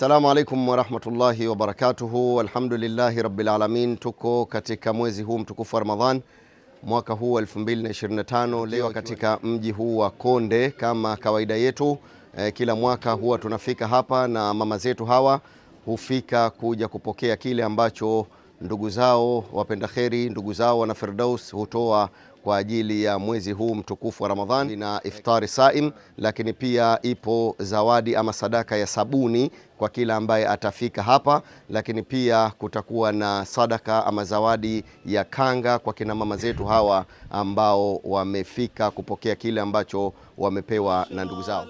Assalamu alaikum warahmatullahi wabarakatuhu. Alhamdulillahi rabbil alamin. Tuko katika mwezi huu mtukufu wa Ramadhan mwaka huu 2025 leo katika mji huu wa Konde. Kama kawaida yetu eh, kila mwaka huwa tunafika hapa na mama zetu hawa hufika kuja kupokea kile ambacho ndugu zao wapenda kheri, ndugu zao wana Firdaus hutoa kwa ajili ya mwezi huu mtukufu wa Ramadhani na iftari saim, lakini pia ipo zawadi ama sadaka ya sabuni kwa kila ambaye atafika hapa, lakini pia kutakuwa na sadaka ama zawadi ya kanga kwa kina mama zetu hawa ambao wamefika kupokea kile ambacho wamepewa na ndugu zao.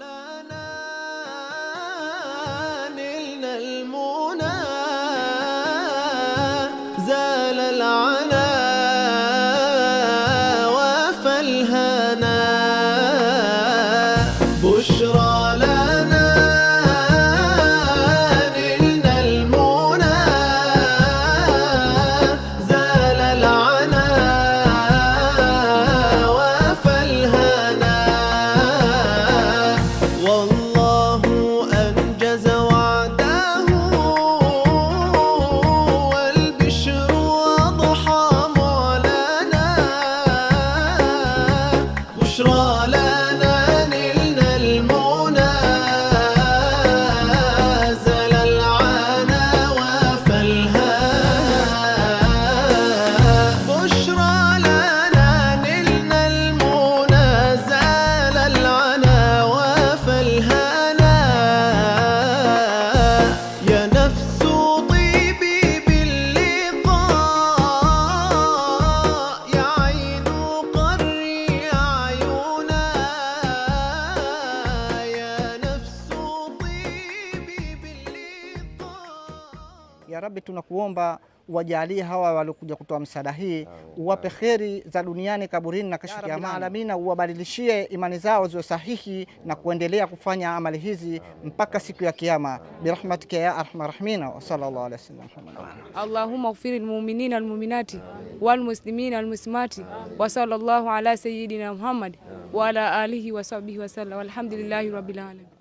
Ya Rabbi, tunakuomba wajalie hawa waliokuja kutoa msaada hii, uwape kheri za duniani, kaburini na kesho ya alamina, uwabadilishie imani zao ziwe sahihi na kuendelea kufanya amali hizi mpaka siku ya Kiyama, birahmatika ya arhamar rahimin, wa sallallahu alaihi wasallam. Allahumma ighfir lilmuminina walmuminati walmuslimina walmuslimati wa sallallahu ala sayyidina Muhammad wa ala alihi wa sahbihi wa sallam, walhamdulillahi rabbil alamin.